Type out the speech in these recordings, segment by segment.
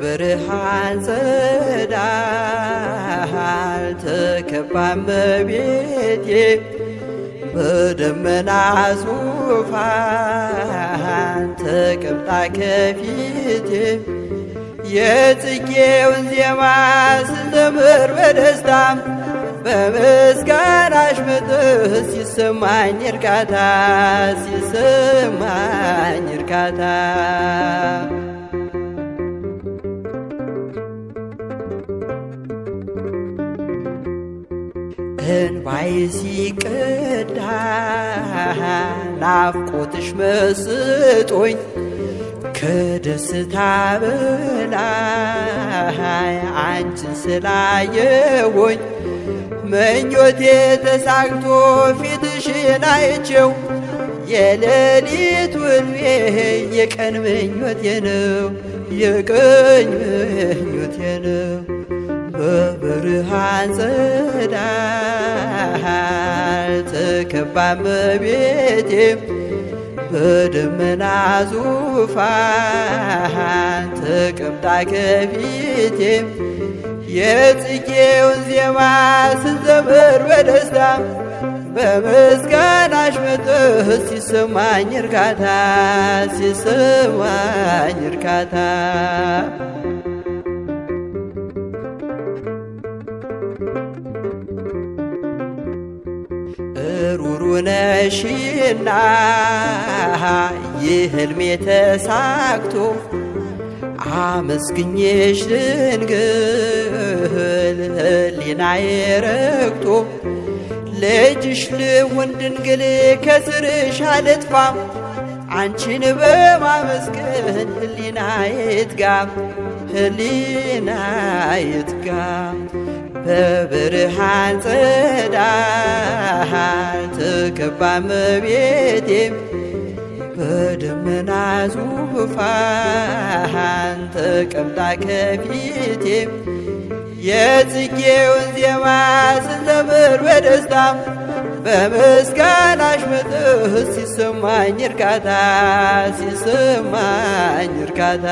በብርሃን ጸዳል ተከባን በቤቴ በደመና ዙፋን ተቀምጣ ከፊቴ የጽጌውን ዜማ ስዘምር በደስታ በምስጋናሽ መጥህ ሲሰማኝ እርካታ ሲሰማኝ እርካታ እንባይ ቅዳ ናፍቆትሽ መስጦኝ ከደስታ በላይ አንቺን ስላየሆኝ መኞቴ ተሳግቶ ፊትሽን አይቼው የሌሊት ውልቤ የቀን ምኞቴ ነው የቀን ምኞቴ ነው። በብርሃን ጸዳል ተከባ እመቤቴ በደመና ዙፋን ተቀምጣ ከፊቴ የጽጌውን ዜማ ስንዘምር በደስታ በምስጋናሽ መጥህ ሲሰማኝ እርካታ ሲሰማኝ እርካታ ሩሩ ነሽና የህልሜ ተሳክቶ አመስግኜሽ ድንግል ህሊናዬ ረግቶ ልጅሽ ልሁን ድንግል ከስርሽ አልጥፋ አንቺን በማመስገን ህሊና ይትጋ ህሊና ይትጋ በብርሃን ጸዳል ተከባ እመቤቴ በደመና ዙፋን ተቀምጣ ከፊቴም የጽጌውን ዜማ ስዘምር በደስታ በምስጋናሽ መጥህ ሲሰማኝ እርካታ ሲሰማኝ እርካታ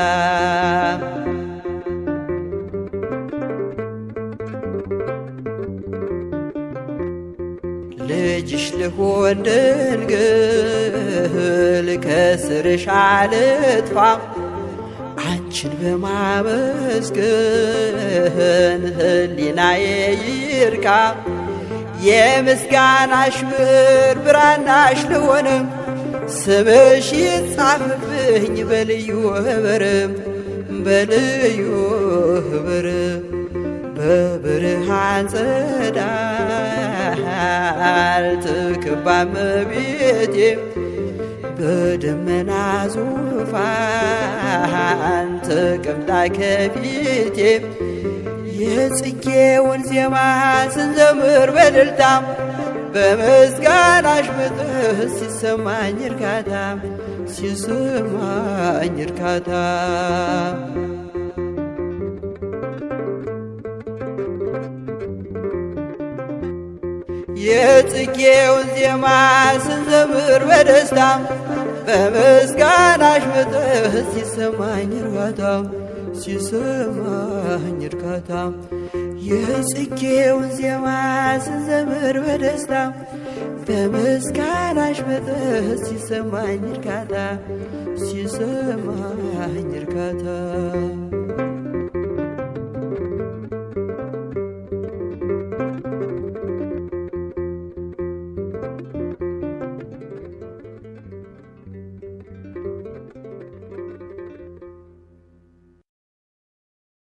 ልጅሽ ልሁን ድንግል ከስርሽ አልጥፋ አንቺን በማመስገን ህሊናዬ ይርካ የምስጋናሽ ብር ብራናሽ ልሆንም ስምሽ ይጻፍብኝ በልዩ ህብርም በልዩ ህብርም በብርሃን ጸዳል ትክባ ቤቴ በደመና ዙፋን ተቀምጣ ከፊቴ የጽጌውን ዜማ ስንዘምር በድልታም በምስጋናሽ ምጥህ ሲሰማኝ እርካታ ሲሰማኝ እርካታ የጽጌውን ዜማ ስንዘምር በደስታ በምስጋናሽ መጠህ ሲሰማኝ እርካታ ሲሰማኝ እርካታ የጽጌውን ዜማ ስንዘምር በደስታ በምስጋናሽ መጠህ ሲሰማኝ እርካታ ሲሰማኝ እርካታ